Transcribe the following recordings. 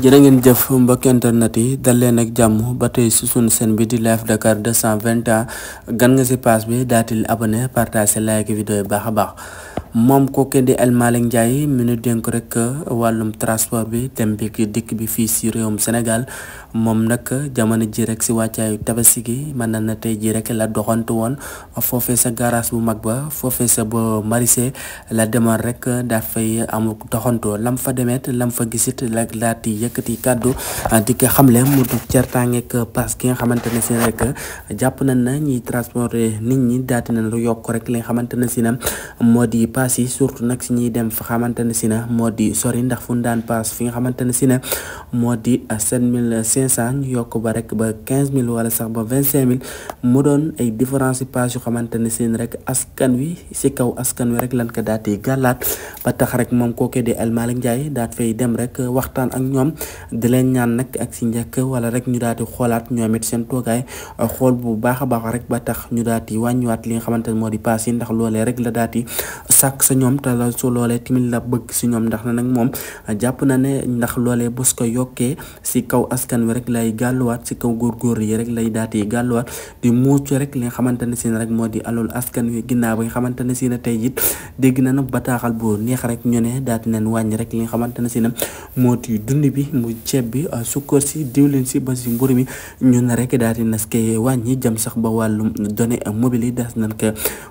jërë ngeen jëf mbokk internet yi dal leen ak jàmm ba tey si sunu seen bi di live Dakar 221 gan nga si page bi daatil abonné partage like vidéo yi baax a baax moom kookee di El Malick Ndiaye mi korek dénk rek wàllum transport bi dem bi ki dikk bi fii si réewum Sénégal moom nag jamono ji rek si wàccaayu tabaski gi na na ji rek la doxantu woon foofee sa garage bu mag ba foofee sa ba marisé la demoon rek daa fay amu doxantoo lam fa demet lam fa gisit la laati mudik kàddu di ko xamle mu du certaangeek parce que nga xamante rek jàpp nañ na ñiy transporter nit ñi daati nañ lu yokk rek li nga paas surtout nag si ñuy dem fa xamante ne si na moo di sori ndax fu ndaan daan paas fi nga xamante ne si na moo di sept mille cinq cent yokk ba rek ba quinze mille wala sax ba vingt cinq mille mu doon ay différence paas yu xamante ne si rek askan wi si kaw askan wi rek lan ko daatee gàllaat ba tax rek moom kookee di El Malick Ndiaye daat fay dem rek waxtaan ak ñoom di leen ñaan nag ak si njëkk wala rek ñu daal di xoolaat ñoom it seen xool bu baax a baax rek ba tax ñu daal di wàññiwaat li nga xamante ne moo di paas yi ndax loolee rek la daati sàkk sa ñoom te la su loolee tamit la bëgg si ñoom ndax nag moom jàpp na ne ndax loolee bos ko yokkee si kaw askan wi rek lay gàlluwaat si kaw góor góor yi rek lay daatee gàlluwaat di muucu rek li nga xamante ne si ne rek moo di alol askan wi ginnaaw bi nga xamante ne si ne tey it dégg na na bataaxal bu neex rek ñu ne daati nen wàññi rek li nga xamante ne si na moo di dund bi mu ceeb bi ah, sukkar si diwlin si ba si mburu mi ñu na rek daati nas koy wàññi jam sax ba wàllum données mobile yi des nañ ko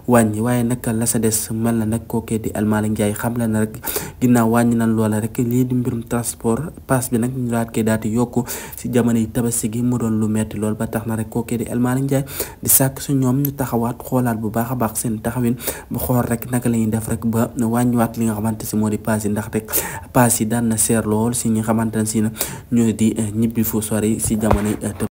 wàññi waaye nag la sa des mel na nag kookee di Almaañ Njaay xam la na rek ginnaaw wàññi nañ loola rek lii di mbirum transport paas bi nag ñu daat koy daal yokku si jamono yi tabaski gi mu doon lu metti lool ba tax na rek kookee di Almaañ Njaay di sàkk su ñoom ñu taxawaat xoolaat bu baax a baax seen taxawin bu xool rek naka la ñuy def rek ba wàññi waat li nga xamante si moo di paas yi ndax rek paas yi daan na seer lool si ñi xamante si na ñoo di ñibbi fu sori si jamono